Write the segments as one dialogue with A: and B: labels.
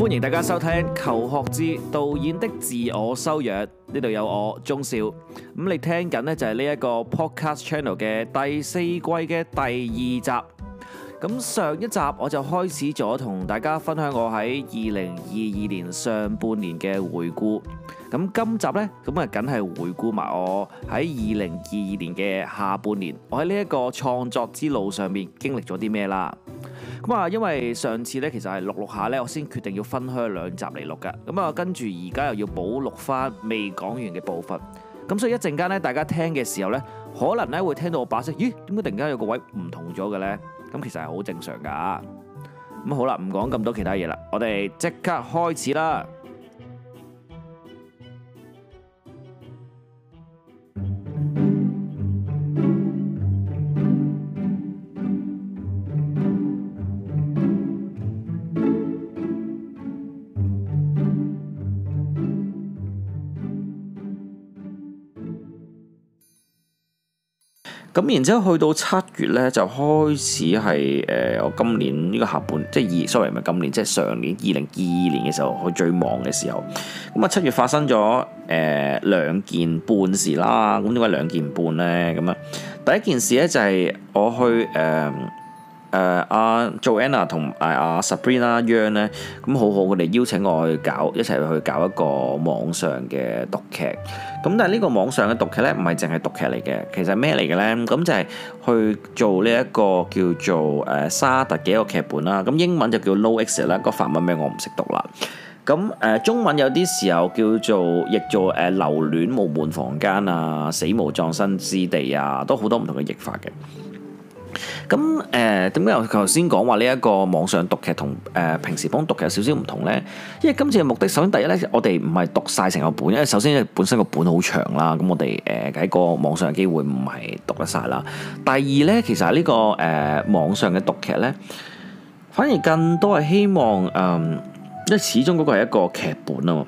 A: 歡迎大家收聽《求學誌：導演的自我修養》，呢度有我鍾少咁，你聽緊呢，就係呢一個 Podcast Channel 嘅第四季嘅第二集。咁上一集我就開始咗同大家分享我喺二零二二年上半年嘅回顧。咁今集呢，咁啊，梗係回顧埋我喺二零二二年嘅下半年，我喺呢一個創作之路上面經歷咗啲咩啦？咁啊，因為上次咧，其實係錄錄下咧，我先決定要分開兩集嚟錄㗎。咁啊，跟住而家又要補錄翻未講完嘅部分。咁所以一陣間咧，大家聽嘅時候咧，可能咧會聽到我把聲，咦？點解突然間有個位唔同咗嘅咧？咁其實係好正常㗎。咁好啦，唔講咁多其他嘢啦，我哋即刻開始啦。咁然之後去到七月咧，就開始係誒、呃、我今年呢個下半，即係二，sorry 唔係今年，即係上年二零二二年嘅時候去最忙嘅時候。咁啊七月發生咗誒兩件半事啦，咁點解兩件半咧？咁啊第一件事咧就係、係、我去誒。呃誒阿 Joanna 同誒阿 Sabrina Young 咧，咁、uh, 好好佢哋邀請我去搞一齊去搞一個網上嘅讀劇。咁但係呢個網上嘅讀劇咧，唔係淨係讀劇嚟嘅，其實咩嚟嘅咧？咁就係去做呢、這、一個叫做誒、啊、沙特嘅一個劇本啦。咁、啊、英文就叫 No Exit 啦，no Ex 個法文名我唔識讀啦。咁、啊、誒中文有啲時候叫做譯做誒留、呃、戀無門房間啊，死無葬身之地啊，都好多唔同嘅譯法嘅。咁誒點解我頭先講話呢一個網上讀劇同誒、呃、平時幫讀劇有少少唔同咧？因為今次嘅目的，首先第一咧，我哋唔係讀晒成個本，因為首先本身個本好長啦。咁我哋誒喺個網上嘅機會唔係讀得晒啦。第二咧，其實呢、呢個誒、呃、網上嘅讀劇咧，反而更多係希望誒、嗯，因為始終嗰個係一個劇本啊嘛。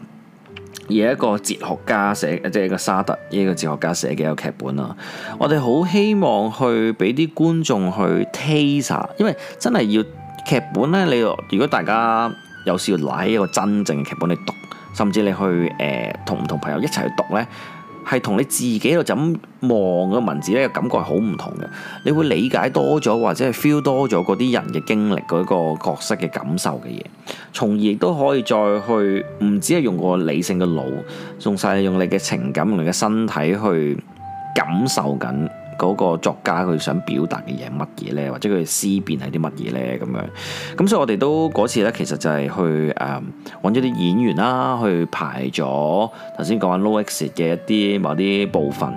A: 而一個哲學家寫，即係一個沙特，一個哲學家寫嘅一個劇本啦。我哋好希望去俾啲觀眾去 taste，因為真係要劇本咧。你如果大家有時要攞一個真正嘅劇本嚟讀，甚至你去誒同唔同朋友一齊去讀咧。係同你自己度就咁望個文字咧，個感覺係好唔同嘅。你會理解多咗，或者係 feel 多咗嗰啲人嘅經歷，嗰個角色嘅感受嘅嘢，從而亦都可以再去唔止係用個理性嘅腦，仲係用你嘅情感、用你嘅身體去感受緊。嗰個作家佢想表達嘅嘢乜嘢呢？或者佢嘅思辨係啲乜嘢呢？咁樣咁，所以我哋都嗰次呢，其實就係去誒揾咗啲演員啦、啊，去排咗頭先講緊 Low X 嘅一啲某啲部分，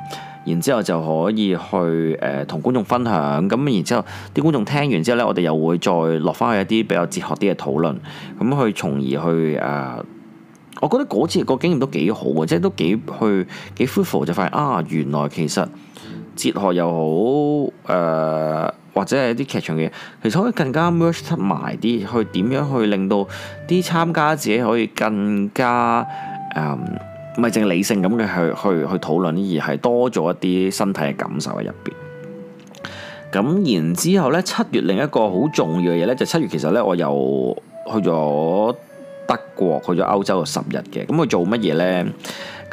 A: 然之後就可以去誒同、呃、觀眾分享。咁然之後啲觀眾聽完之後呢，我哋又會再落翻去一啲比較哲學啲嘅討論，咁去從而去誒、呃。我覺得嗰次個經驗都幾好嘅，即係都幾去幾 fruitful 就發現啊，原來其實。哲學又好，誒、呃、或者係啲劇場嘅嘢，其實可以更加 merge 埋啲，去點樣去令到啲參加者可以更加唔係淨係理性咁嘅去去去討論，而係多咗一啲身體嘅感受喺入邊。咁然之後呢，七月另一個好重要嘅嘢呢，就七月其實呢，我又去咗德國，去咗歐洲十日嘅。咁佢做乜嘢呢？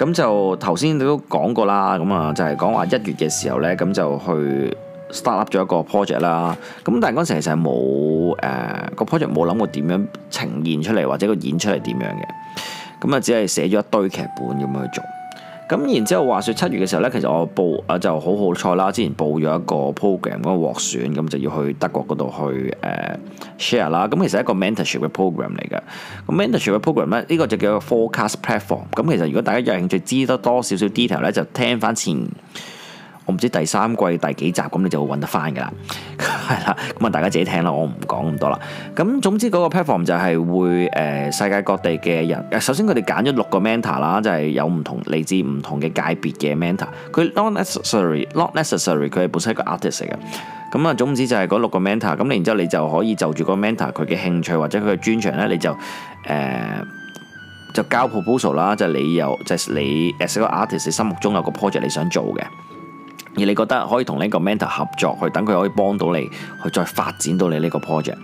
A: 咁就頭先你都講過啦，咁啊就係講話一月嘅時候呢，咁就去 start up 咗一個 project 啦。咁但係嗰陣時其實冇誒個、呃、project 冇諗過點樣呈現出嚟，或者個演出係點樣嘅。咁啊只係寫咗一堆劇本咁樣去做。咁然之後話説七月嘅時候咧，其實我報啊就好好彩啦，之前報咗一個 program 嗰個獲選，咁就要去德國嗰度去誒 share 啦。咁其實係一個 mentorship 嘅 program 嚟嘅。咁 mentorship 嘅 program 咧，呢個就叫 forecast platform。咁其實如果大家有興趣知得多少少 detail 咧，就聽翻前。我唔知第三季第幾集咁，你就會揾得翻㗎啦，係啦。咁啊，大家自己聽啦，我唔講咁多啦。咁總之嗰個 platform 就係會誒、呃、世界各地嘅人、呃。首先佢哋揀咗六個 mentor 啦，就係有唔同嚟自唔同嘅界別嘅 mentor。佢 not necessary，not necessary，佢係本身一個 artist 嚟嘅。咁啊，總之就係嗰六個 mentor。咁你然之後你就可以就住個 mentor 佢嘅興趣或者佢嘅專長呢，你就誒、呃、就交 proposal 啦。就係、你有就你 as a artist 你心目中有個 project 你想做嘅。而你覺得可以同呢個 mentor 合作，去等佢可以幫到你，去再發展到你呢個 project。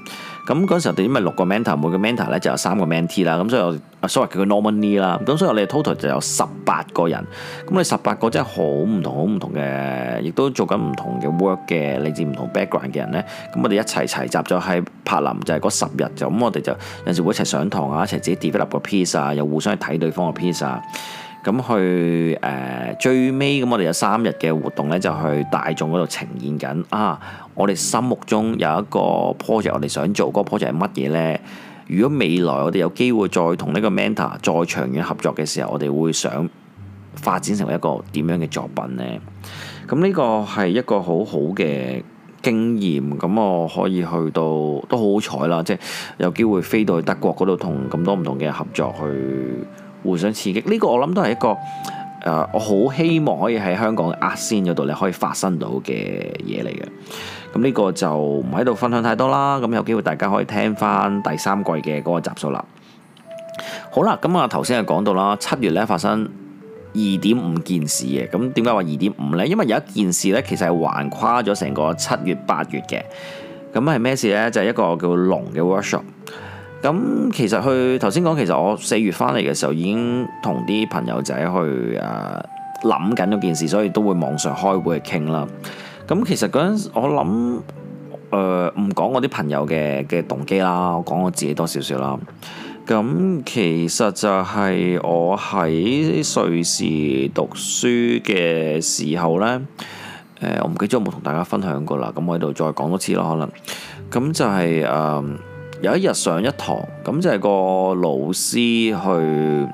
A: 咁嗰時候點？因為六個 mentor，每個 mentor 咧就有三個 mentee 啦，咁所以我所謂叫佢 normally 啦。咁所以我哋 total 就有十八個人。咁你十八個真係好唔同、好唔同嘅，亦都做緊唔同嘅 work 嘅，嚟自唔同 background 嘅人咧。咁我哋一齊齊集咗喺柏林，就係嗰十日就咁，我哋就有時會一齊上堂啊，一齊自己 develop 個 piece 啊，又互相去睇對方嘅 piece 啊。咁去誒、呃、最尾咁，我哋有三日嘅活動呢，就去大眾嗰度呈現緊啊！我哋心目中有一個 project，我哋想做嗰、嗰個 project 係乜嘢呢？如果未來我哋有機會再同呢個 mentor 再長遠合作嘅時候，我哋會想發展成為一個點樣嘅作品呢？咁呢個係一個好好嘅經驗。咁我可以去到都好彩啦，即、就、係、是、有機會飛到去德國嗰度同咁多唔同嘅人合作去。互相刺激，呢、這個我諗都係一個誒、呃，我好希望可以喺香港 art scene 嗰度你可以發生到嘅嘢嚟嘅。咁、這、呢個就唔喺度分享太多啦。咁有機會大家可以聽翻第三季嘅嗰個集數啦。好啦，咁啊頭先就講到啦，七月咧發生二點五件事嘅。咁點解話二點五呢？因為有一件事咧，其實係橫跨咗成個七月八月嘅。咁係咩事呢？就係、是、一個叫龍嘅 workshop。咁其實去頭先講，其實我四月返嚟嘅時候已經同啲朋友仔去誒諗緊一件事，所以都會網上開會去傾啦。咁其實嗰陣我諗誒唔講我啲朋友嘅嘅動機啦，我講我自己多少少啦。咁其實就係我喺瑞士讀書嘅時候呢，呃、我唔記得有冇同大家分享過啦。咁我喺度再講多次咯，可能咁就係、是、誒。嗯有一日上一堂，咁就係個老師去，誒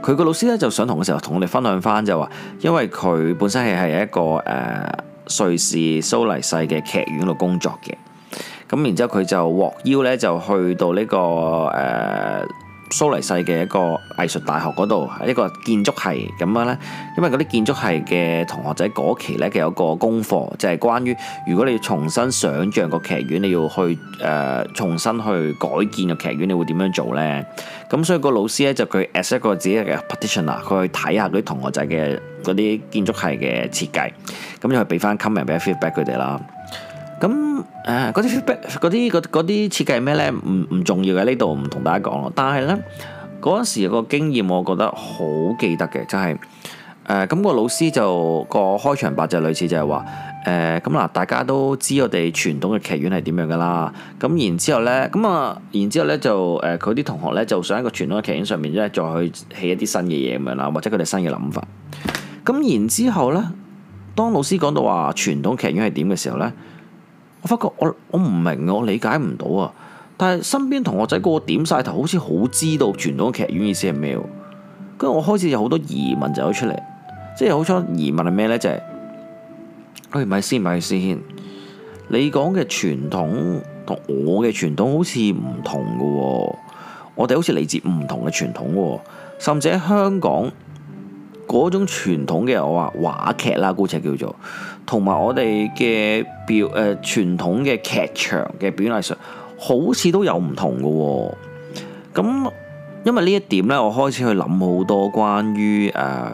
A: 佢個老師咧就上堂嘅時候，同我哋分享翻就話，因為佢本身係係一個誒、呃、瑞士蘇黎世嘅劇院度工作嘅，咁然之後佢就獲邀咧就去到呢個誒，呃蘇黎世嘅一個藝術大學嗰度，一個建築系咁樣呢，因為嗰啲建築系嘅同學仔嗰期呢，其實有個功課就係、是、關於如果你要重新想象個劇院，你要去誒、呃、重新去改建個劇院，你會點樣做呢？咁所以個老師呢，就佢 as 一個自己嘅 petition 啊、er,，佢去睇下嗰啲同學仔嘅嗰啲建築系嘅設計，咁就俾翻 comment back 佢哋啦。咁誒，嗰啲啲、啲設計係咩咧？唔唔重要嘅，呢度唔同大家講咯。但係咧，嗰陣時個經驗，我覺得好記得嘅，就係誒，咁個老師就個開場白就類似就係話誒，咁嗱，大家都知我哋傳統嘅劇院係點樣㗎啦。咁然之後咧，咁啊，然之後咧就誒佢啲同學咧就想喺個傳統嘅劇院上面咧再去起一啲新嘅嘢咁樣啦，或者佢哋新嘅諗法。咁然之後咧，當老師講到話傳統劇院係點嘅時候咧，我發覺我我唔明我理解唔到啊！但係身邊同學仔個個點晒頭，好似好知道傳統嘅劇院意思係咩。跟住我開始有好多疑問就出嚟，即係好多疑問係咩呢？就係，哎咪先咪先，你講嘅傳統同我嘅傳統好似唔同嘅，我哋好似嚟自唔同嘅傳統，甚至喺香港嗰種傳統嘅我話話劇啦，姑且叫做。同埋我哋嘅表誒、呃、傳統嘅劇場嘅表演藝術，好似都有唔同嘅喎、哦。咁因為呢一點呢，我開始去諗好多關於誒、呃，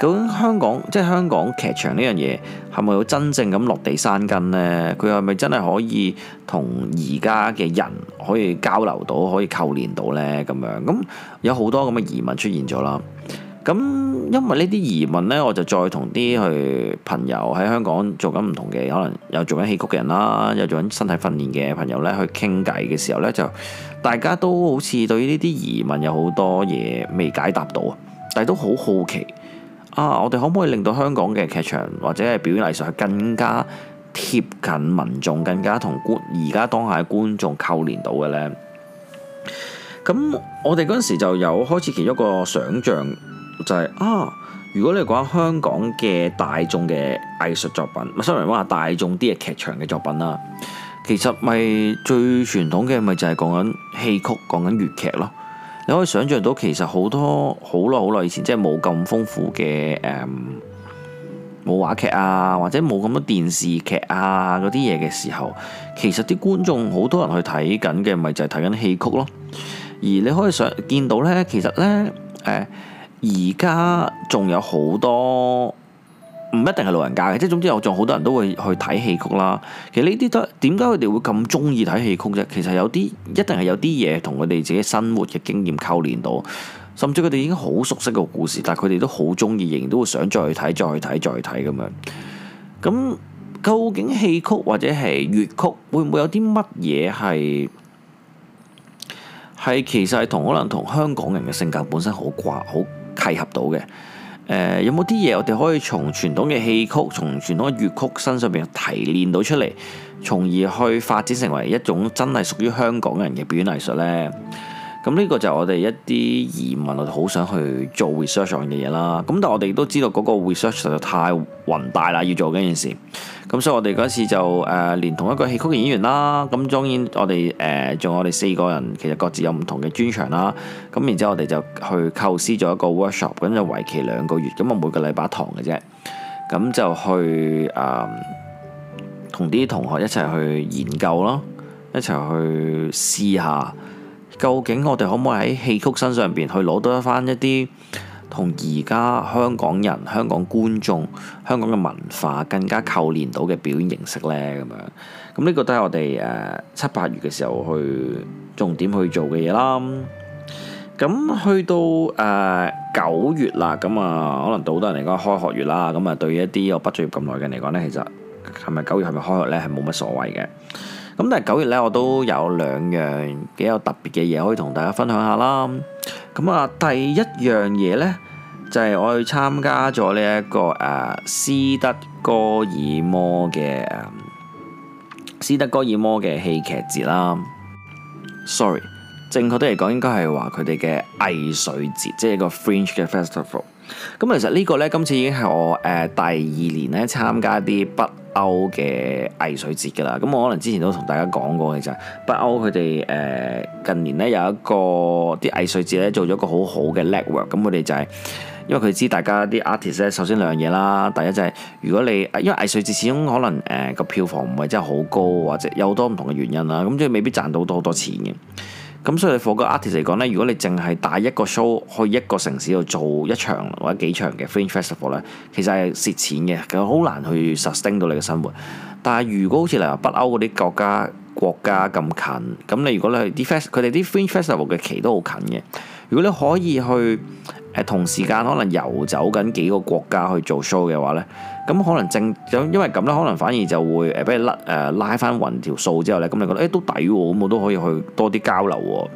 A: 究竟香港即係香港劇場呢樣嘢係咪有真正咁落地生根呢？佢係咪真係可以同而家嘅人可以交流到，可以扣連到呢？咁樣咁有好多咁嘅疑問出現咗啦。咁因為呢啲疑問呢，我就再同啲去朋友喺香港做緊唔同嘅，可能又做緊戲曲嘅人啦，又做緊身體訓練嘅朋友咧，去傾偈嘅時候咧，就大家都好似對呢啲疑問有好多嘢未解答到啊，但係都好好奇啊！我哋可唔可以令到香港嘅劇場或者係表演藝術係更加貼近民眾，更加同觀而家當下嘅觀眾扣連到嘅呢？咁我哋嗰陣時就有開始其中一個想像。就係、是、啊！如果你講香港嘅大眾嘅藝術作品，咪雖然話大眾啲嘅劇場嘅作品啦，其實咪最傳統嘅咪就係講緊戲曲，講緊粵劇咯。你可以想象到，其實好多好耐好耐以前，即係冇咁豐富嘅誒，冇、嗯、話劇啊，或者冇咁多電視劇啊嗰啲嘢嘅時候，其實啲觀眾好多人去睇緊嘅咪就係睇緊戲曲咯。而你可以想見到咧，其實咧誒。呃而家仲有好多唔一定係老人家嘅，即係總之我仲好多人都會去睇戲曲啦。其實呢啲都點解佢哋會咁中意睇戲曲啫？其實有啲一定係有啲嘢同佢哋自己生活嘅經驗溝連到，甚至佢哋已經好熟悉個故事，但係佢哋都好中意，仍然都會想再去睇、再去睇、再去睇咁樣。咁究竟戲曲或者係粵曲會唔會有啲乜嘢係係其實係同可能同香港人嘅性格本身好掛好，契合到嘅。誒、呃、有冇啲嘢我哋可以從傳統嘅戲曲、從傳統嘅粵曲身上邊提煉到出嚟，從而去發展成為一種真係屬於香港人嘅表演藝術咧？咁呢個就係我哋一啲疑問，我哋好想去做 research 上嘅嘢啦。咁但係我哋都知道嗰個 research 實在太宏大啦，要做嗰件事。咁所以我哋嗰次就誒、呃、連同一個戲曲嘅演員啦。咁當然我哋誒仲有我哋四個人其實各自有唔同嘅專長啦。咁然之後我哋就去構思咗一個 workshop，咁就為期兩個月。咁啊每個禮拜一堂嘅啫。咁就去誒同啲同學一齊去研究咯，一齊去試下。究竟我哋可唔可以喺戲曲身上邊去攞多一翻一啲同而家香港人、香港觀眾、香港嘅文化更加扣連到嘅表演形式呢？咁樣咁呢個都係我哋誒七八月嘅時候去重點去做嘅嘢啦。咁、嗯、去到誒九、呃、月啦，咁啊可能對好多人嚟講開學月啦，咁啊對於一啲我畢咗業咁耐嘅人嚟講呢，其實係咪九月係咪開學呢？係冇乜所謂嘅。咁但係九月咧，我都有兩樣幾有特別嘅嘢可以同大家分享下啦。咁啊，第一樣嘢咧就係、是、我去參加咗呢一個誒、啊、斯德哥爾摩嘅斯德哥爾摩嘅戲劇節啦。Sorry，正確啲嚟講應該係話佢哋嘅藝術節，即係個 Fringe 嘅 Festival。咁其實呢個呢，今次已經係我誒、呃、第二年呢參加啲北歐嘅藝術節㗎啦。咁我可能之前都同大家講過、就係，其實北歐佢哋誒近年呢有一個啲藝術節呢做咗個好好嘅 network。咁佢哋就係、係、因為佢知大家啲 artist 咧，首先兩樣嘢啦。第一就係如果你因為藝術節始終可能誒個、呃、票房唔係真係好高，或者有好多唔同嘅原因啦，咁即係未必賺到好多好多錢嘅。咁所以你 for 個 artist 嚟講咧，如果你淨係打一個 show 去一個城市度做一場或者幾場嘅 Fringe Festival 咧，其實係蝕錢嘅，其實好難去 sustain 到你嘅生活。但係如果好似例如北歐嗰啲國家國家咁近，咁你如果你去啲 fest，佢哋啲 Fringe Festival 嘅期都好近嘅，如果你可以去。同時間可能遊走緊幾個國家去做 show 嘅話呢，咁可能正，因為咁咧，可能反而就會誒，比、呃、如拉誒拉翻勻條數之後咧，咁你覺得誒、欸、都抵喎，咁我都可以去多啲交流喎、哦。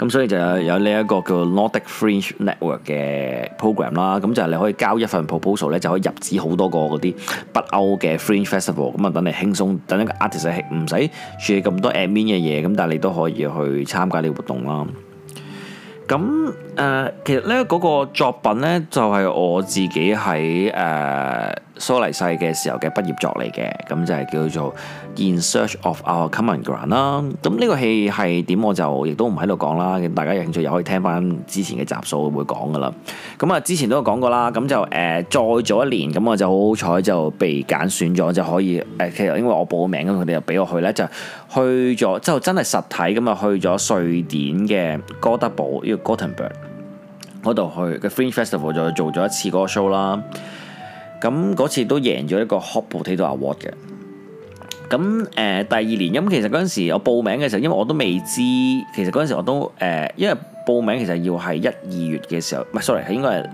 A: 咁所以就有呢一個叫 Nordic Fringe Network 嘅 program 啦，咁就係你可以交一份 proposal 呢就可以入指好多個嗰啲北歐嘅 fringe festival，咁啊等你輕鬆，等一個 artist 唔使處理咁多 admin 嘅嘢，咁但係你都可以去參加呢個活動啦。咁誒、呃，其實咧嗰、那個作品咧，就係、是、我自己喺誒，呃蘇黎世嘅時候嘅畢業作嚟嘅，咁就係叫做《In Search of Our Common Ground》啦。咁呢個戲係點，我就亦都唔喺度講啦。大家有興趣又可以聽翻之前嘅集數會講噶啦。咁啊，之前都有講過啦。咁就誒、呃、再做一年，咁我就好彩就被揀選咗。就可以誒、呃。其實因為我報名，咁佢哋就俾我去咧，就去咗，之後真係實體咁啊，去咗瑞典嘅哥德堡呢個 Gothenburg 嗰度去嘅 French Festival 就做咗一次嗰個 show 啦。咁嗰次都贏咗一個 Hope Theatre Award 嘅，咁誒、呃、第二年，咁其實嗰陣時我報名嘅時候，因為我都未知，其實嗰陣時我都誒、呃，因為報名其實要係一二月嘅時候，唔係，sorry，係應該係誒，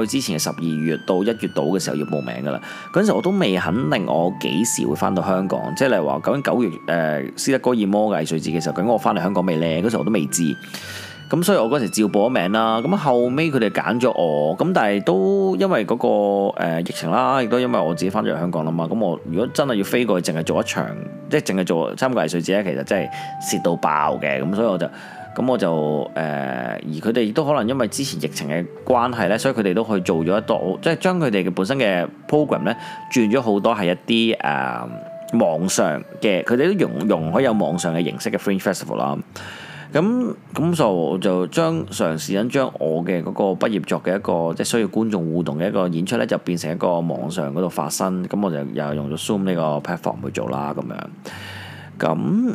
A: 再之前嘅十二月到一月到嘅時候要報名噶啦。嗰陣時我都未肯定我幾時會翻到香港，即係例如話究竟九月誒、呃、斯德哥爾摩藝術節嘅時候，究竟我翻嚟香港未咧？嗰時我都未知。咁所以，我嗰時照報咗名啦。咁後尾佢哋揀咗我。咁但係都因為嗰個疫情啦，亦都因為我自己翻咗嚟香港啦嘛。咁我如果真係要飛過去，淨係做一場，即係淨係做三個禮拜節咧，其實真係蝕到爆嘅。咁所以我就，咁我就誒、呃。而佢哋亦都可能因為之前疫情嘅關係咧，所以佢哋都去做咗一度，即係將佢哋嘅本身嘅 program 咧轉咗好多係一啲誒、啊、網上嘅。佢哋都容容許有網上嘅形式嘅 free festival 啦。咁咁就就將嘗試緊將我嘅嗰個畢業作嘅一個，即係需要觀眾互動嘅一個演出咧，就變成一個網上嗰度發生。咁我就又用咗 Zoom 呢個 platform 去做啦。咁樣咁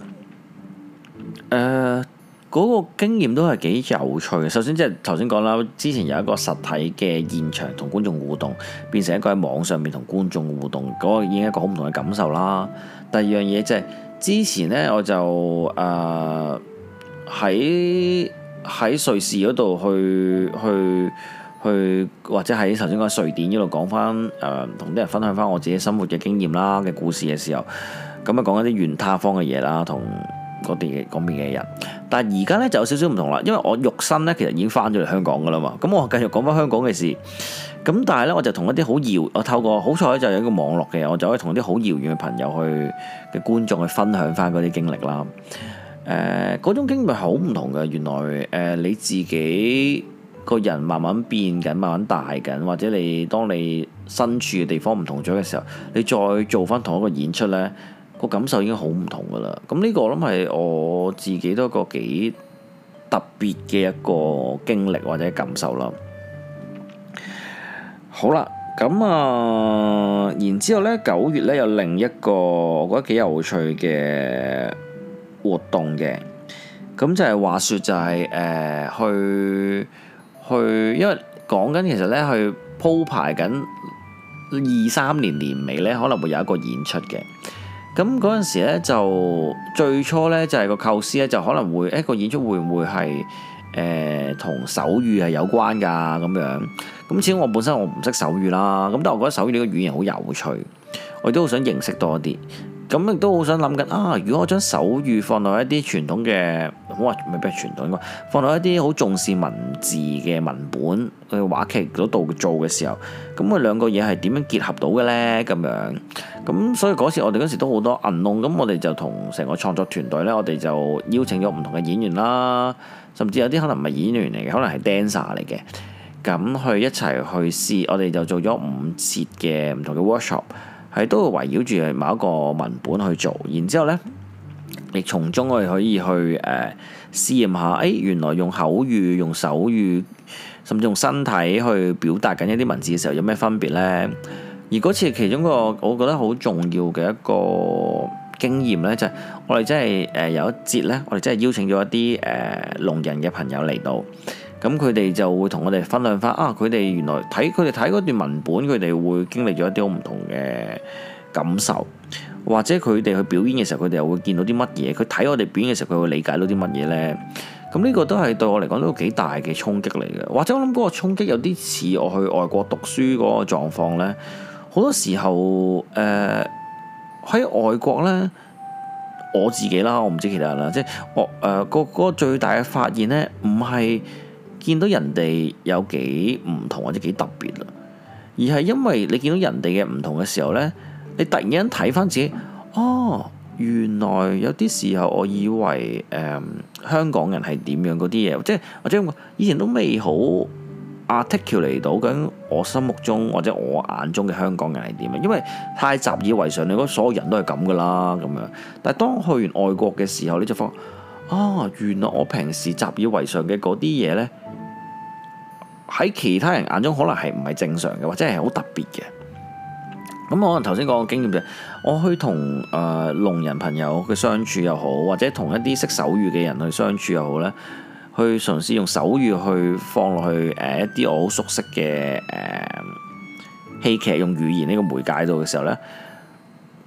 A: 誒，嗰個經驗都係幾有趣。首先，即係頭先講啦，之前有一個實體嘅現場同觀眾互動，變成一個喺網上面同觀眾互動，嗰、嗰個已經一個好唔同嘅感受啦。第二樣嘢就係、是、之前咧，我就誒。呃喺喺瑞士嗰度去去去，或者喺頭先嗰瑞典嗰度講翻，誒同啲人分享翻我自己生活嘅經驗啦嘅故事嘅時候，咁啊講一啲遠他方嘅嘢啦，同嗰邊嘅人。但係而家呢，就有少少唔同啦，因為我肉身呢，其實已經翻咗嚟香港噶啦嘛，咁我繼續講翻香港嘅事。咁但係呢，我就同一啲好遙，我透過好彩就有一個網絡嘅，我就可以同一啲好遙遠嘅朋友去嘅觀眾去分享翻嗰啲經歷啦。誒，嗰、呃、種經歷係好唔同嘅。原來誒、呃，你自己個人慢慢變緊，慢慢大緊，或者你當你身處嘅地方唔同咗嘅時候，你再做翻同一個演出呢，個感受已經好唔同噶啦。咁、嗯、呢、這個我諗係我自己都一個幾特別嘅一個經歷或者感受啦。好啦，咁啊、呃，然後之後咧，九月呢，有另一個我覺得幾有趣嘅。活動嘅，咁就係話説就係誒去去，因為講緊其實咧，去鋪排緊二三年年尾咧，可能會有一個演出嘅。咁嗰陣時咧，就最初咧就係個構思咧，就可能會誒個、欸、演出會唔會係誒同手語係有關㗎咁樣？咁始終我本身我唔識手語啦，咁但係我覺得手語呢個語言好有趣，我亦都好想認識多啲。咁亦都好想諗緊啊！如果我將手語放到一啲傳統嘅，好話未必係傳統嘅，應該放到一啲好重視文字嘅文本嘅話劇嗰度做嘅時候，咁佢兩個嘢係點樣結合到嘅呢？咁樣咁，所以嗰次、嗯、我哋嗰陣時都好多銀窿，咁我哋就同成個創作團隊呢，我哋就邀請咗唔同嘅演員啦，甚至有啲可能唔係演員嚟嘅，可能係 dancer 嚟嘅，咁去一齊去試，我哋就做咗五節嘅唔同嘅 workshop。係都會圍繞住某一個文本去做，然之後呢，你從中我哋可以去誒試驗下，誒、哎、原來用口語用手語甚至用身體去表達緊一啲文字嘅時候有咩分別呢？而嗰次其中個我覺得好重要嘅一個經驗呢，就係、是、我哋真係誒、呃、有一節呢，我哋真係邀請咗一啲誒聾人嘅朋友嚟到。咁佢哋就會同我哋分享翻啊！佢哋原來睇佢哋睇嗰段文本，佢哋會經歷咗一啲好唔同嘅感受，或者佢哋去表演嘅時候，佢哋又會見到啲乜嘢？佢睇我哋表演嘅時候，佢會理解到啲乜嘢呢？咁呢個都係對我嚟講都幾大嘅衝擊嚟嘅。或者我諗嗰個衝擊有啲似我去外國讀書嗰個狀況呢。好多時候誒喺、呃、外國呢，我自己啦，我唔知其他人啦，即係我誒、呃嗰個最大嘅發現呢，唔係。見到人哋有幾唔同或者幾特別啦，而係因為你見到人哋嘅唔同嘅時候呢，你突然間睇翻自己，哦，原來有啲時候我以為誒、嗯、香港人係點樣嗰啲嘢，即係或者以前都未好 articulate 嚟到緊我心目中或者我眼中嘅香港人係點啊，因為太習以為常，你覺得所有人都係咁噶啦咁樣。但係當去完外國嘅時候，你就發，啊、哦，原來我平時習以為常嘅嗰啲嘢呢。」喺其他人眼中可能係唔係正常嘅，或者係好特別嘅。咁可能頭先講嘅經驗就係，我去同誒聾人朋友去相處又好，或者同一啲識手語嘅人去相處又好咧，去嘗試用手語去放落去誒、呃、一啲我好熟悉嘅誒戲劇用語言呢個媒介度嘅時候咧，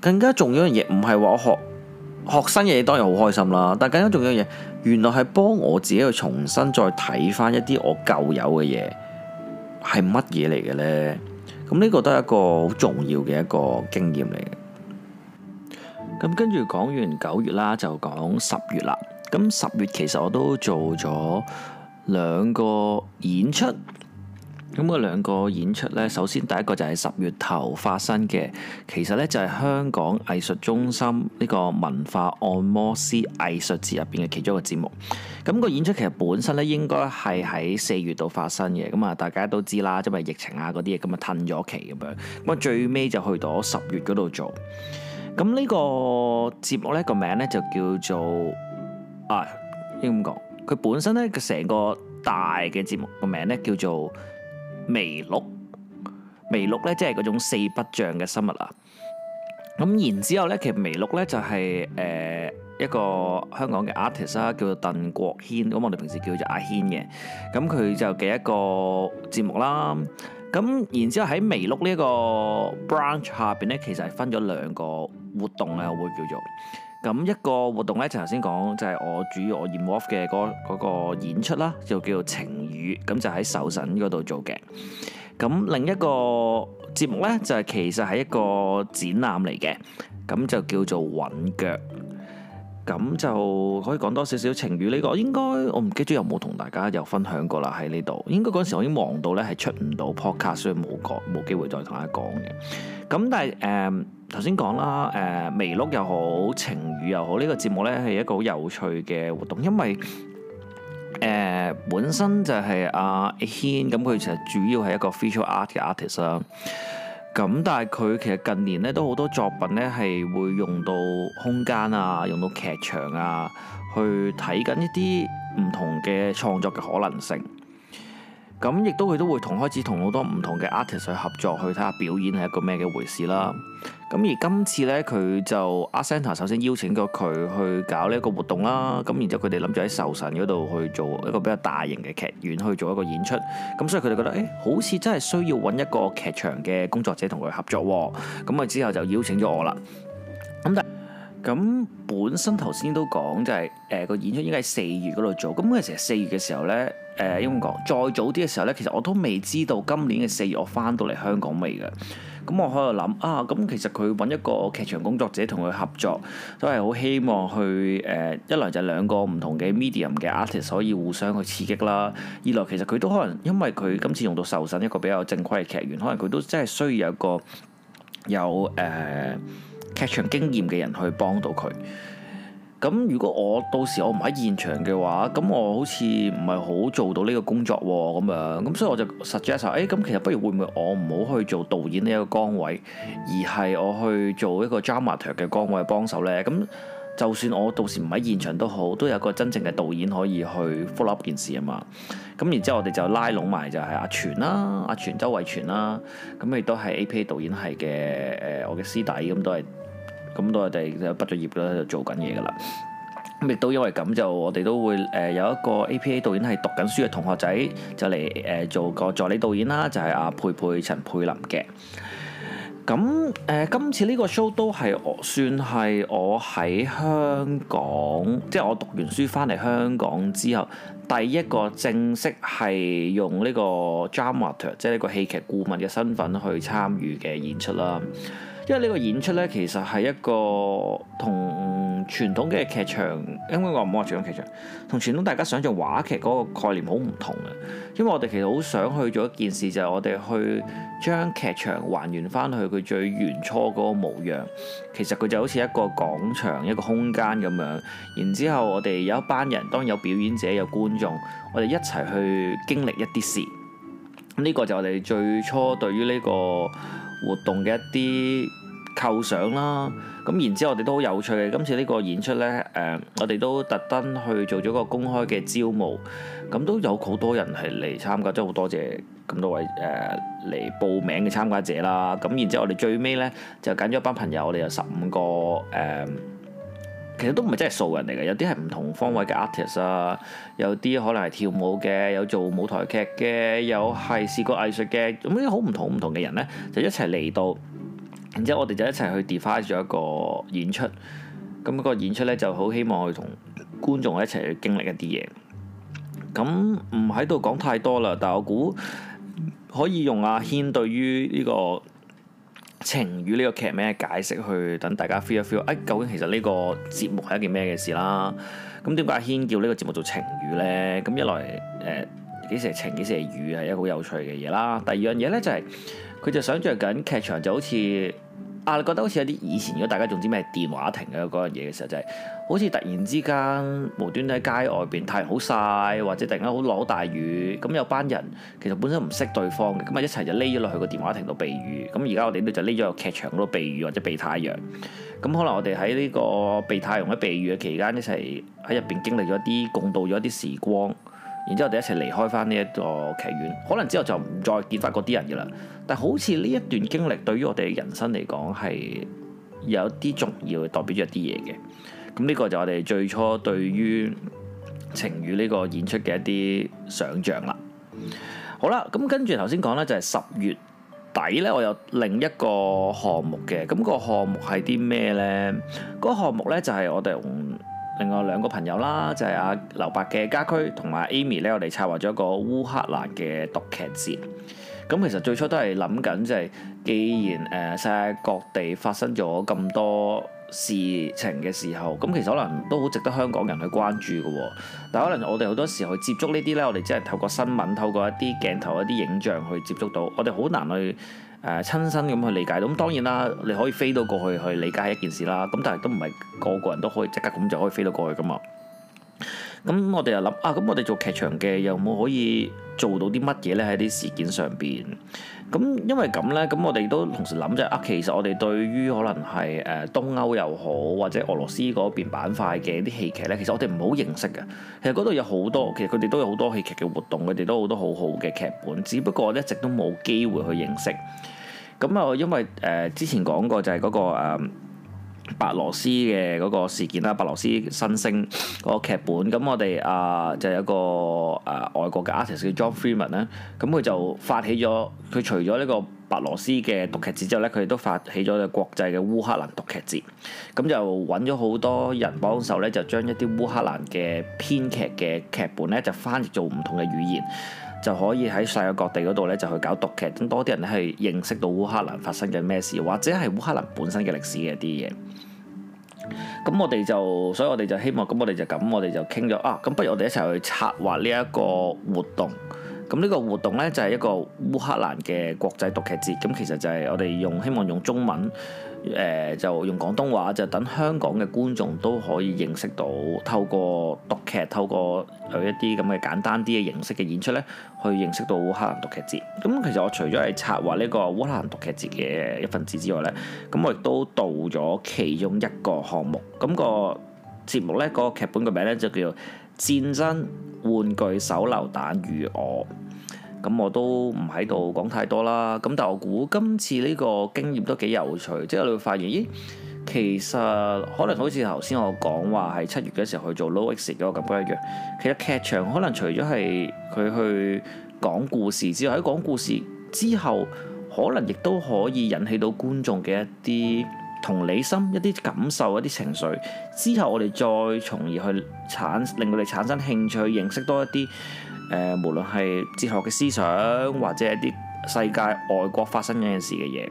A: 更加重要一樣嘢唔係話我學。學生嘅嘢當然好開心啦，但更加重要嘅嘢，原來係幫我自己去重新再睇翻一啲我舊有嘅嘢係乜嘢嚟嘅呢？咁呢個都係一個好重要嘅一個經驗嚟嘅。咁、嗯、跟住講完九月啦，就講十月啦。咁十月其實我都做咗兩個演出。咁個兩個演出咧，首先第一個就係十月頭發生嘅，其實咧就係香港藝術中心呢個文化按摩師藝術節入邊嘅其中一個節目。咁個演出其實本身咧應該係喺四月度發生嘅，咁啊大家都知啦，因為疫情啊嗰啲嘢，咁啊褪咗期咁樣，咁啊最尾就去到十月嗰度做。咁呢個節目咧個名咧就叫做啊，應該咁講，佢本身咧佢成個大嘅節目個名咧叫做。微鹿，微鹿咧即係嗰種四不像嘅生物啊！咁然之後咧，其實微鹿咧就係、是、誒、呃、一個香港嘅 artist 啊，叫做鄧國軒，咁我哋平時叫做阿軒嘅。咁佢就嘅一個節目啦。咁然之後喺微鹿呢個 branch 下邊咧，其實係分咗兩個活動啊，我會叫做。咁一個活動咧就頭先講，就係、就是、我主要我演 wolf 嘅嗰個演出啦，就叫做情雨，咁就喺守神嗰度做嘅。咁另一個節目咧就係、是、其實係一個展覽嚟嘅，咁就叫做揾腳，咁就可以講多少少情雨呢、這個應該，應該我唔記得有冇同大家有分享過啦。喺呢度應該嗰時我已經忙到咧係出唔到 podcast，所以冇講冇機會再同大家講嘅。咁但係誒。嗯頭先講啦，誒微錄又好，情語又好，呢、這個節目呢，係一個好有趣嘅活動，因為誒、呃、本身就係阿軒咁，佢其實主要係一個 visual art 嘅 artist 啦、啊。咁但係佢其實近年咧都好多作品呢，係會用到空間啊，用到劇場啊，去睇緊一啲唔同嘅創作嘅可能性。咁亦都佢都會同開始同好多唔同嘅 artist 去合作，去睇下表演係一個咩嘅回事啦。咁而今次呢，佢就 Arts Centre 首先邀請咗佢去搞呢一個活動啦。咁然之後佢哋諗住喺壽臣嗰度去做一個比較大型嘅劇院去做一個演出。咁所以佢哋覺得，誒、哎、好似真係需要揾一個劇場嘅工作者同佢合作喎。咁啊之後就邀請咗我啦。咁但係咁本身頭先都講，就係誒個演出應該喺四月嗰度做。咁陣時四月嘅時候呢。誒應該講再早啲嘅時候咧，其實我都未知道今年嘅四月我返到嚟香港未嘅。咁我喺度諗啊，咁其實佢揾一個劇場工作者同佢合作都係好希望去誒、呃，一來就兩個唔同嘅 medium 嘅 artist 可以互相去刺激啦。二來其實佢都可能因為佢今次用到受審一個比較正規嘅劇員，可能佢都真係需要有一個有誒、呃、劇場經驗嘅人去幫到佢。咁如果我到時我唔喺現場嘅話，咁我好似唔係好做到呢個工作喎、啊、咁樣，咁所以我就 suggest 下，誒、欸、咁其實不如會唔會我唔好去做導演呢一個崗位，而係我去做一個 dramaturg 嘅崗位幫手呢？咁就算我到時唔喺現場都好，都有個真正嘅導演可以去 follow up 件事啊嘛。咁然之後我哋就拉攏埋就係阿全啦，阿全周慧全啦，咁亦都係 APA 導演系嘅誒，我嘅師弟咁都係。咁到我哋就畢咗業啦，就做緊嘢噶啦。咁亦都因為咁，就我哋都會誒有一個 APA 導演係讀緊書嘅同學仔，就嚟誒做個助理導演啦，就係、是、阿佩佩陳佩林嘅。咁誒、呃，今次呢個 show 都係算係我喺香港，即、就、係、是、我讀完書翻嚟香港之後，第一個正式係用呢個 dramaturg，即係呢個戲劇顧問嘅身份去參與嘅演出啦。因為呢個演出呢，其實係一個同傳統嘅劇場，應該話唔好話傳統劇場，同傳統大家想象話劇嗰個概念好唔同嘅。因為我哋其實好想去做一件事，就係我哋去將劇場還原返去佢最原初嗰個模樣。其實佢就好似一個廣場、一個空間咁樣。然之後我哋有一班人，當然有表演者、有觀眾，我哋一齊去經歷一啲事。呢、這個就係我哋最初對於呢、這個。活動嘅一啲構想啦，咁然之後我哋都好有趣嘅。今次呢個演出呢，誒、呃，我哋都特登去做咗個公開嘅招募，咁都有好多人係嚟參加，真係好多謝咁多位誒嚟、呃、報名嘅參加者啦。咁然之後我哋最尾呢，就揀咗班朋友，我哋有十五個誒，呃其實都唔係真係素人嚟嘅，有啲係唔同方位嘅 artist 啊，有啲可能係跳舞嘅，有做舞台劇嘅，有係試過藝術嘅，咁啲好唔同唔同嘅人咧，就一齊嚟到，然之後我哋就一齊去 design 咗一個演出，咁、呢個演出咧，就好希望去同觀眾一齊去經歷一啲嘢，咁唔喺度講太多啦，但我估可以用阿軒對於呢、呢個。情語呢個劇名解釋，去等大家 feel 一 feel 啊、哎，究竟其實呢個節目係一件咩嘅事啦？咁點解阿軒叫呢個節目做情語呢？咁一來誒，幾、呃、時係情，幾時係語，係一個好有趣嘅嘢啦。第二樣嘢呢，就係、是、佢就想像緊劇場就好似。啊！覺得好似有啲以前，如果大家仲知咩電話亭嘅嗰樣嘢嘅時候，就係好似突然之間無端喺街外邊，太陽好曬，或者突然間好落大雨，咁有班人其實本身唔識對方嘅，咁啊一齊就匿咗落去個電話亭度避雨。咁而家我哋呢就匿咗個劇場度避雨或者避太陽。咁可能我哋喺呢個避太陽、喺避雨嘅期間，一齊喺入邊經歷咗啲共度咗一啲時光。然之後，我哋一齊離開翻呢一個劇院，可能之後就唔再見翻嗰啲人嘅啦。但好似呢一段經歷，對於我哋人生嚟講係有啲重要嘅，代表咗一啲嘢嘅。咁呢個就我哋最初對於情雨呢個演出嘅一啲想像啦。好啦，咁跟住頭先講呢，就係十月底呢，我有另一個項目嘅。咁個項目係啲咩呢？嗰項目呢，就係我哋用另外兩個朋友啦，就係、是、阿劉伯嘅家駒同埋 Amy 咧，my, 我哋策劃咗一個烏克蘭嘅讀劇節。咁其實最初都係諗緊，即係既然誒世界各地發生咗咁多事情嘅時候，咁其實可能都好值得香港人去關注嘅。但可能我哋好多時候去接觸呢啲呢，我哋只係透過新聞、透過一啲鏡頭、一啲影像去接觸到，我哋好難去。誒親身咁去理解，咁當然啦，你可以飛到過去去理解一件事啦。咁但係都唔係個個人都可以即刻咁就可以飛到過去噶嘛。咁我哋又諗啊，咁我哋做劇場嘅有冇可以做到啲乜嘢咧？喺啲事件上邊？咁因為咁咧，咁我哋都同時諗就係啊，其實我哋對於可能係誒東歐又好或者俄羅斯嗰邊板塊嘅啲戲劇咧，其實我哋唔係好認識嘅。其實嗰度有好多，其實佢哋都有好多戲劇嘅活動，佢哋都好多好好嘅劇本，只不過一直都冇機會去認識。咁啊、嗯，因為誒、呃、之前講過就係嗰個白羅斯嘅嗰個事件啦，白羅斯新星嗰個劇本，咁我哋啊就有一個外國嘅 artist 叫 John Freeman 啦，咁佢就發起咗，佢除咗呢個白羅斯嘅讀劇節之後咧，佢都發起咗嘅國際嘅烏克蘭讀劇節，咁、嗯、就揾咗好多人幫手咧，就將一啲烏克蘭嘅編劇嘅劇本咧就翻譯做唔同嘅語言。就可以喺世界各地嗰度咧，就去搞讀劇。等多啲人咧去認識到烏克蘭發生嘅咩事，或者係烏克蘭本身嘅歷史嘅啲嘢。咁我哋就，所以我哋就希望，咁我哋就咁，我哋就傾咗啊！咁不如我哋一齊去策劃呢一個活動。咁呢個活動呢，就係一個烏克蘭嘅國際讀劇節。咁其實就係我哋用希望用中文。誒、呃、就用廣東話就等香港嘅觀眾都可以認識到，透過讀劇，透過有一啲咁嘅簡單啲嘅形式嘅演出呢，去認識到烏克蘭讀劇節。咁、嗯、其實我除咗係策劃呢個烏克蘭讀劇節嘅一份子之外呢，咁、嗯、我亦都導咗其中一個項目。咁、嗯、個節目呢，個劇本個名呢，就叫做《戰爭玩具手榴彈與我》。咁我都唔喺度講太多啦。咁但我估今次呢個經驗都幾有趣，即係你會發現，咦，其實可能好似頭先我講話係七月嘅時候去做 Low X 嗰個感覺一樣。其實劇場可能除咗係佢去講故，故事之外，喺講故事之後，可能亦都可以引起到觀眾嘅一啲同理心、一啲感受、一啲情緒。之後我哋再從而去產令佢哋產生興趣，認識多一啲。誒、呃，無論係哲學嘅思想，或者一啲世界外國發生嘅事嘅嘢，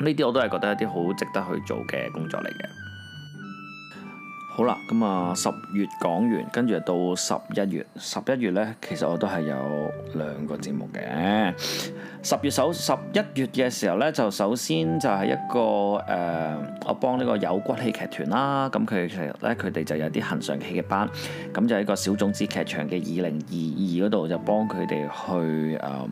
A: 呢啲我都係覺得一啲好值得去做嘅工作嚟嘅。 好啦，咁啊，十月講完，跟住到十一月，十一月呢，其實我都係有兩個節目嘅。十月首十一月嘅時候呢，就首先就係一個誒、呃，我幫呢個有骨戲劇團啦。咁佢其實呢，佢哋就有啲恆常戲嘅班，咁就喺個小種子劇場嘅二零二二嗰度，就幫佢哋去、呃、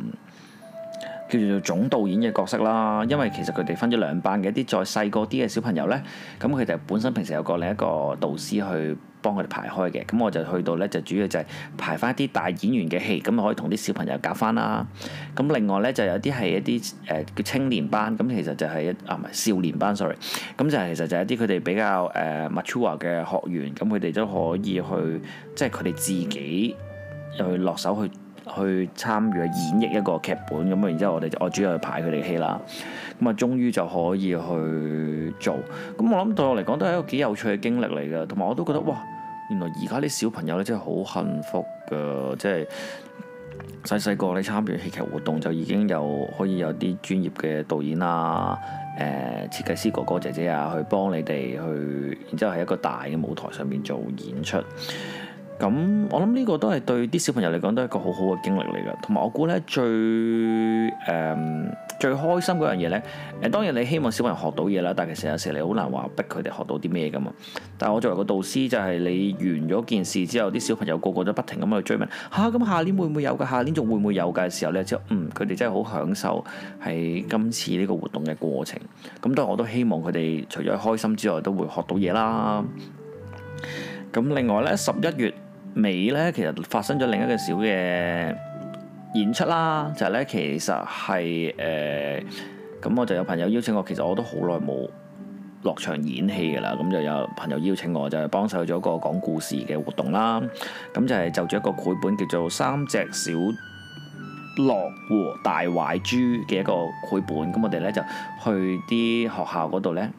A: 叫做總導演嘅角色啦。因為其實佢哋分咗兩班嘅，一啲再細個啲嘅小朋友呢，咁佢哋本身平時有個另一個導師去。幫佢哋排開嘅，咁我就去到呢，就主要就係排翻一啲大演員嘅戲，咁可以同啲小朋友夾翻啦。咁另外呢，就有啲係一啲誒、呃、叫青年班，咁其實就係一啊唔係少年班，sorry，咁就係、其實就係一啲佢哋比較誒、呃、mature 嘅學員，咁佢哋都可以去，即係佢哋自己去落手去去參與演繹一個劇本，咁啊，然之後我哋我主要去排佢哋嘅戲啦。咁啊，終於就可以去做，咁我諗對我嚟講都係一個幾有趣嘅經歷嚟㗎，同埋我都覺得哇！原來而家啲小朋友咧真係好幸福㗎，即係細細個你參與戲劇活動就已經有可以有啲專業嘅導演啊、誒設計師哥哥姐姐啊去幫你哋去，然之後喺一個大嘅舞台上面做演出。咁我諗呢個都係對啲小朋友嚟講都係一個好好嘅經歷嚟噶，同埋我估咧最、誒最開心嗰樣嘢咧，誒當然你希望小朋友學到嘢啦，但係其實有時你好難話逼佢哋學到啲咩噶嘛。但係我作為個導師就係你完咗件事之後，啲小朋友個個都不停咁去追問吓，咁下年會唔會有噶？下年仲會唔會有噶？嘅時候咧，之後嗯，佢哋真係好享受係今次呢個活動嘅過程。咁當然我都希望佢哋除咗開心之外，都會學到嘢啦。咁另外咧，十一月。尾咧，其實發生咗另一個小嘅演出啦，就係咧，其實係誒，咁我就有朋友邀請我，其實我都好耐冇落場演戲㗎啦，咁就有朋友邀請我就係幫手做一個講故事嘅活動啦，咁就係就住一個繪本叫做《三隻小樂和大壞豬》嘅一個繪本，咁我哋咧就去啲學校嗰度咧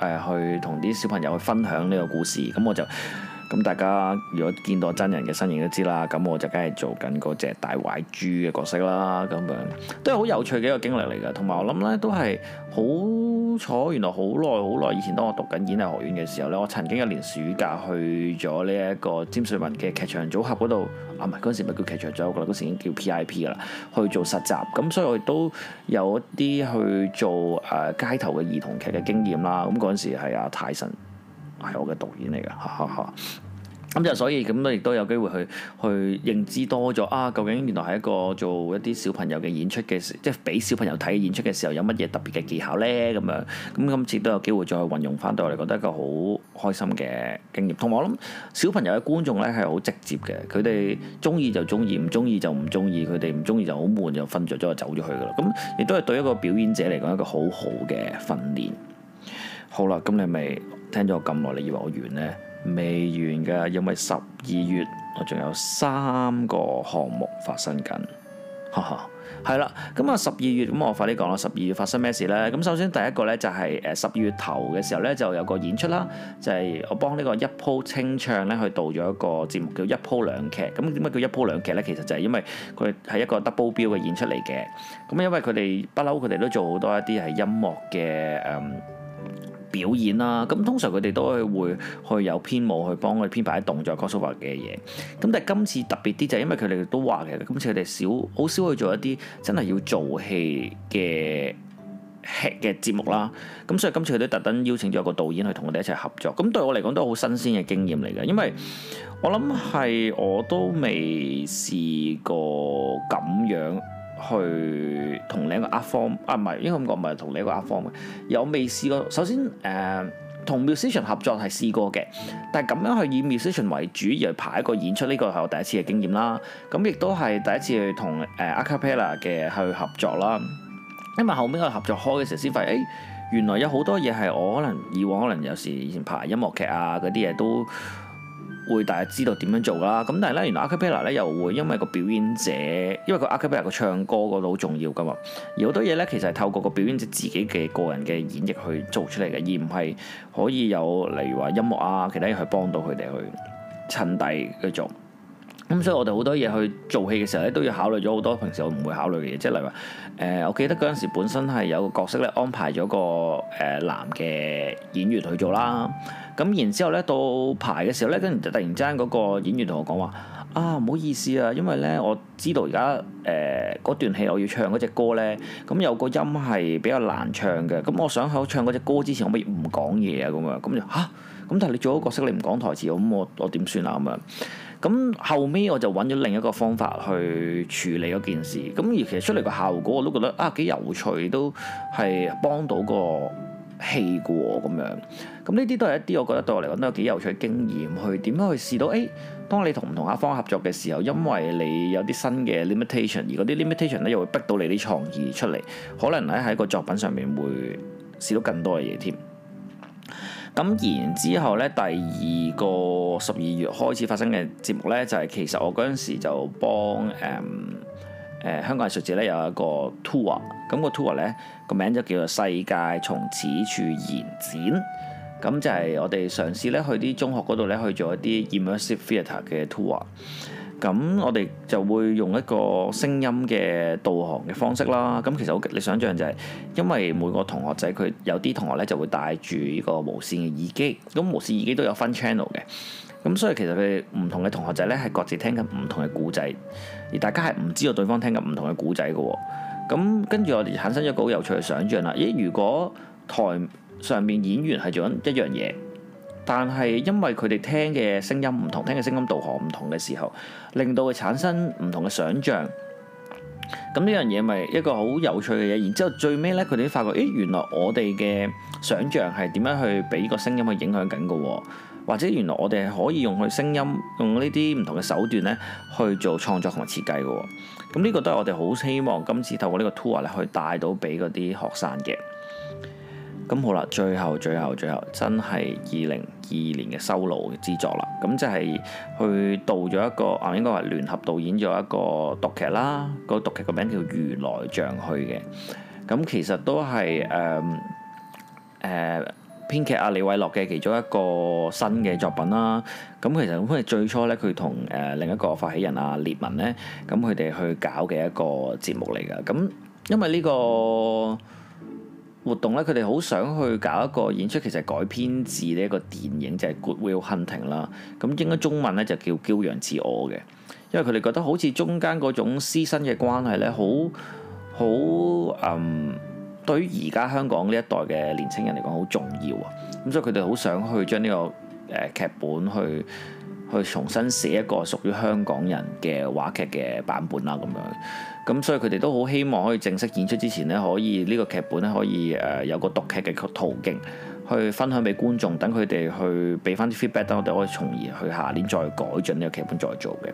A: 誒，去同啲小朋友去分享呢個故事，咁我就。咁大家如果見到真人嘅身影都知啦，咁我就梗係做緊嗰隻大壞豬嘅角色啦，咁樣都係好有趣嘅一個經歷嚟噶。同埋我諗咧都係好彩，原來好耐好耐以前，當我讀緊演藝學院嘅時候咧，我曾經一年暑假去咗呢一個詹瑞文嘅劇場組合嗰度，啊，唔係嗰陣時唔係叫劇場組合啦，嗰時已經叫 P.I.P. 噶啦，去做實習。咁所以我亦都有一啲去做誒、呃、街頭嘅兒童劇嘅經驗啦。咁嗰陣時係阿泰神。係我嘅導演嚟噶，咁 就、嗯、所以咁都亦都有機會去去認知多咗啊！究竟原來係一個做一啲小朋友嘅演出嘅，即係俾小朋友睇演出嘅時候有乜嘢特別嘅技巧呢？咁樣咁、嗯、今次都有機會再去運用翻，對我嚟講都係一個好開心嘅經驗。同埋我諗小朋友嘅觀眾呢係好直接嘅，佢哋中意就中意，唔中意就唔中意，佢哋唔中意就好悶就瞓着咗就走咗去噶啦。咁、嗯、亦都係對一個表演者嚟講一個好好嘅訓練。好啦，咁你咪～聽咗咁耐，你以為我完呢？未完噶，因為十二月我仲有三個項目發生緊，哈， 係啦，咁啊十二月咁我快啲講啦。十二月發生咩事呢？咁首先第一個呢，就係誒十二月頭嘅時候呢，就有個演出啦，就係、是、我幫呢個一鋪清唱呢去導咗一個節目叫一鋪兩劇。咁點解叫一鋪兩劇呢？其實就係因為佢係一個 double bill 嘅演出嚟嘅。咁因為佢哋不嬲，佢哋都做好多一啲係音樂嘅表演啦，咁通常佢哋都係會去有編舞去幫佢編排啲動作、cosplay 嘅嘢。咁但係今次特別啲就係因為佢哋都話嘅今次佢哋少好少去做一啲真係要做戲嘅劇嘅節目啦。咁所以今次佢都特登邀請咗個導演去同我哋一齊合作。咁對我嚟講都好新鮮嘅經驗嚟嘅，因為我諗係我都未試過咁樣。去同另一個 art form 啊，唔係應該咁講，唔係同另一個 art form 嘅。有未試過？首先誒、呃，同 musician 合作係試過嘅，但係咁樣去以 musician 為主而去排一個演出，呢個係我第一次嘅經驗啦。咁亦都係第一次去同誒、呃、a cappella 嘅去合作啦。因為後面我合作開嘅時候先發現，誒、欸、原來有好多嘢係我可能以往可能有時以前排音樂劇啊嗰啲嘢都。會大家知道點樣做啦，咁但係咧，原來阿卡貝拉咧又會因為個表演者，因為個阿卡貝拉個唱歌嗰度好重要噶嘛，而好多嘢咧其實係透過個表演者自己嘅個人嘅演繹去做出嚟嘅，而唔係可以有例如話音樂啊、其他嘢去幫到佢哋去襯底去做。咁、嗯、所以我哋好多嘢去做戲嘅時候咧，都要考慮咗好多平時我唔會考慮嘅嘢，即係例如話，誒、呃、我記得嗰陣時本身係有個角色咧安排咗個誒、呃、男嘅演員去做啦，咁、嗯、然之後咧到排嘅時候咧，跟住就突然之間嗰個演員同我講話，啊唔好意思啊，因為咧我知道而家誒嗰段戲我要唱嗰隻歌咧，咁、嗯、有個音係比較難唱嘅，咁、嗯、我想喺唱嗰隻歌之前，可唔可以唔講嘢啊咁樣？咁就嚇，咁、嗯啊、但係你做嗰個角色你唔講台詞，咁、嗯、我我點算啊咁樣？咁後尾我就揾咗另一個方法去處理嗰件事，咁而其實出嚟個效果我都覺得啊幾有趣，都係幫到個戲嘅喎咁樣。咁呢啲都係一啲我覺得對我嚟講都有幾有趣嘅經驗，去點樣去試到？誒、哎，當你同唔同阿方合作嘅時候，因為你有啲新嘅 limitation，而嗰啲 limitation 咧又會逼到你啲創意出嚟，可能咧喺個作品上面會試到更多嘅嘢添。咁然之後咧，第二個十二月開始發生嘅節目咧，就係、是、其實我嗰陣時就幫誒誒香港藝術節咧有一個 tour，咁個 tour 咧個名就叫做世界從此處延展，咁就係我哋嘗試咧去啲中學嗰度咧去做一啲 immersive theatre 嘅 tour。咁我哋就會用一個聲音嘅導航嘅方式啦。咁其實好，你想象就係因為每個同學仔佢有啲同學咧就會戴住呢個無線嘅耳機。咁無線耳機都有分 channel 嘅。咁所以其實佢哋唔同嘅同學仔咧係各自聽緊唔同嘅故仔，而大家係唔知道對方聽緊唔同嘅故仔嘅。咁跟住我哋產生一個好有趣嘅想像啦。咦？如果台上面演員係做緊一樣嘢？但係因為佢哋聽嘅聲音唔同，聽嘅聲音導航唔同嘅時候，令到佢產生唔同嘅想像。咁呢樣嘢咪一個好有趣嘅嘢。然之後最尾咧，佢哋都發覺，誒，原來我哋嘅想像係點樣去俾個聲音去影響緊嘅喎。或者原來我哋係可以用佢聲音，用呢啲唔同嘅手段咧去做創作同埋設計嘅喎。咁呢個都係我哋好希望今次透過呢個 tour 咧去帶到俾嗰啲學生嘅。咁好啦，最後最後最後，真係二零二二年嘅收爐之作啦。咁就係去導咗一個啊，應該話聯合導演咗一個讀劇啦。那個讀劇個名叫《如來像去》嘅。咁其實都係誒誒編劇阿李偉樂嘅其中一個新嘅作品啦。咁其實咁，因為最初咧，佢同誒另一個發起人阿、啊、列文咧，咁佢哋去搞嘅一個節目嚟㗎。咁因為呢、呢個活動咧，佢哋好想去搞一個演出，其實改編自呢一個電影，就係、是《Good Will Hunting》啦。咁應該中文咧就叫《驕陽似我》嘅，因為佢哋覺得好似中間嗰種師生嘅關係咧，好好誒。對於而家香港呢一代嘅年輕人嚟講，好重要啊。咁所以佢哋好想去將呢、這個誒、呃、劇本去去重新寫一個屬於香港人嘅話劇嘅版本啦，咁樣。咁所以佢哋都好希望可以正式演出之前咧，可以呢、呢個劇本咧可以誒、呃、有個讀劇嘅途徑去分享俾觀眾，等佢哋去俾翻啲 feedback，等我哋可以從而去下年再改進呢個劇本再做嘅。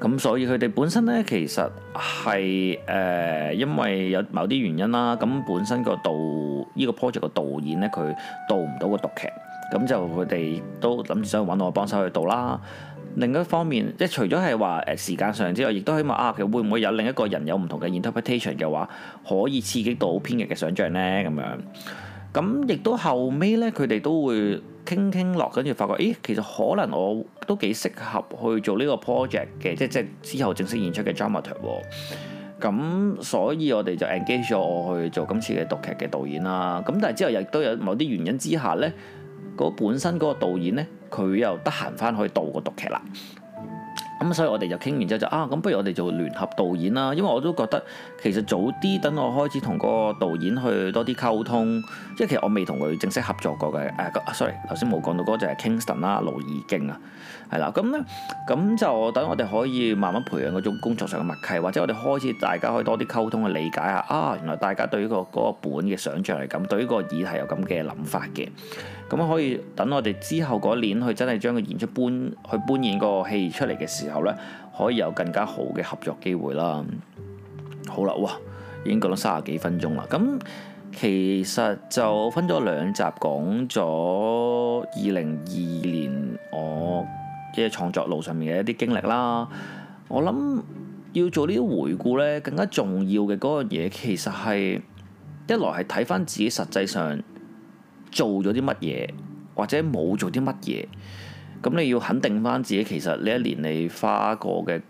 A: 咁所以佢哋本身咧其實係誒、呃、因為有某啲原因啦，咁本身個導呢、呢個 project 個導演咧佢導唔到個讀劇，咁就佢哋都諗住想揾我幫手去導啦。另一方面，即係除咗係話誒時間上之外，亦都希望啊，其實會唔會有另一個人有唔同嘅 interpretation 嘅話，可以刺激到編劇嘅想像呢？咁樣。咁亦都後尾呢，佢哋都會傾傾落，跟住發覺，咦，其實可能我都幾適合去做呢個 project 嘅，即即之後正式演出嘅 dramaturg。咁所以我哋就 engage 咗我去做今次嘅讀劇嘅導演啦。咁但係之後亦都有某啲原因之下呢。本身嗰個導演呢，佢又得閒翻去以導個獨劇啦。咁、嗯、所以我哋就傾完之後就啊，咁不如我哋做聯合導演啦。因為我都覺得其實早啲等我開始同嗰個導演去多啲溝通，即係其實我未同佢正式合作過嘅。誒、啊、，sorry 頭先冇講到嗰、那個、就係、是、Kingston 啦、啊，盧義勁啊，係啦。咁呢，咁就等我哋可以慢慢培養嗰種工作上嘅默契，或者我哋開始大家可以多啲溝通去理解下啊，原來大家對呢、那個嗰、那個本嘅想象係咁，對呢個議題有咁嘅諗法嘅。咁可以等我哋之後嗰年，佢真係將個演出搬去搬演個戲出嚟嘅時候呢，可以有更加好嘅合作機會啦。好啦，哇，已經講咗三十幾分鐘啦。咁其實就分咗兩集講咗二零二二年我嘅創作路上面嘅一啲經歷啦。我諗要做呢啲回顧呢，更加重要嘅嗰個嘢其實係一來係睇翻自己實際上，做咗啲乜嘢，或者冇做啲乜嘢，咁你要肯定翻自己。其實呢一年你花過嘅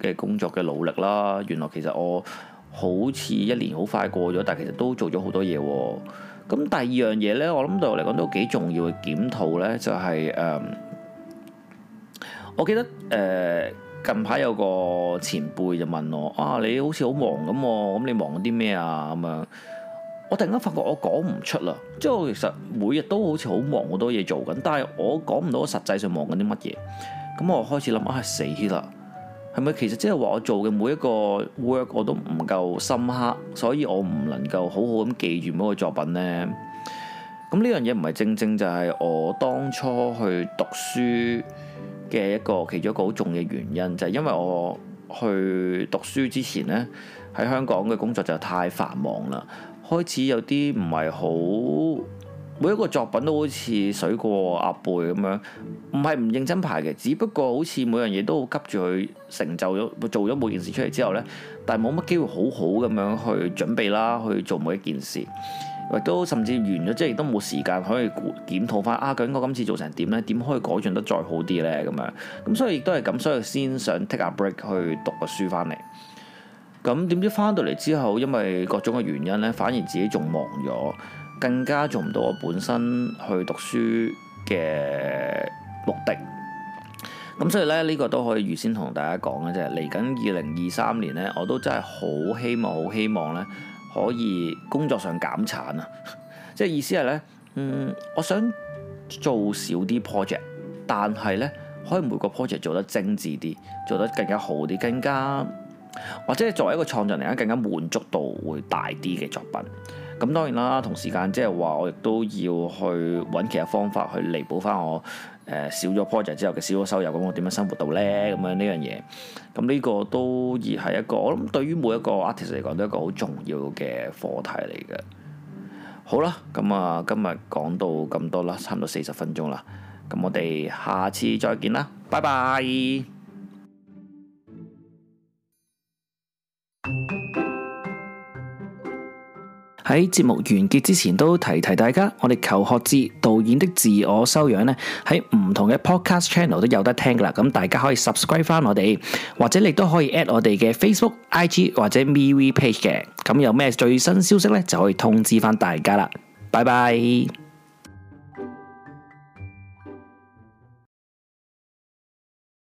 A: 嘅工作嘅努力啦，原來其實我好似一年好快過咗，但係其實都做咗好多嘢。咁第二樣嘢呢，我諗對我嚟講都幾重要嘅檢討呢、就係，就係誒，我記得誒、嗯、近排有個前輩就問我啊，你好似好忙咁、啊，咁你忙啲咩啊咁樣。我突然間發覺我講唔出啦，即係我其實每日都好似好忙好多嘢做緊，但係我講唔到我實際上忙緊啲乜嘢。咁我開始諗啊，死啦，係咪其實即係話我做嘅每一個 work 我都唔夠深刻，所以我唔能夠好好咁記住每一個作品呢？咁呢樣嘢唔係正正就係我當初去讀書嘅一個其中一個好重嘅原因，就係因為我去讀書之前呢，喺香港嘅工作就太繁忙啦。開始有啲唔係好，每一個作品都好似水過鴨背咁樣，唔係唔認真排嘅，只不過好似每樣嘢都好急住去成就咗，做咗每件事，件事出嚟之後呢，但係冇乜機會好好咁樣去準備啦，去做每一件事，亦都甚至完咗，之後亦都冇時間可以檢討翻啊！究竟我今次做成點呢？點可以改進得再好啲呢？」咁樣咁所以亦都係咁，所以，所以先想 take a break 去讀個書翻嚟。咁點知翻到嚟之後，因為各種嘅原因咧，反而自己仲忙咗，更加做唔到我本身去讀書嘅目的。咁所以咧，呢個都可以預先同大家講嘅啫。即係嚟緊二零二三年咧，我都真係好希望、好希望咧，可以工作上減產啊！即 係意思係咧，嗯，我想做少啲 project，但係咧，可以每個 project 做得精緻啲，做得更加好啲，更加～或者係作為一個創作者嚟講，更加滿足度會大啲嘅作品。咁當然啦，同時間即係話我亦都要去揾其他方法去彌補翻我誒、呃、少咗 project 之後嘅少咗收入。咁我點樣生活到呢？咁樣呢樣嘢，咁呢個都而係一個我諗對於每一個 artist 嚟講都一個好重要嘅課題嚟嘅。好啦，咁啊今日講到咁多啦，差唔多四十分鐘啦。咁我哋下次再見啦，拜拜。喺節目完結之前都提提大家，我哋求學志導演的自我修養咧，喺唔同嘅 podcast channel 都有得聽噶啦。咁大家可以 subscribe 翻我哋，或者你都可以 at 我哋嘅 Facebook、IG 或者 MeWe page 嘅。咁有咩最新消息咧，就可以通知翻大家啦。拜拜。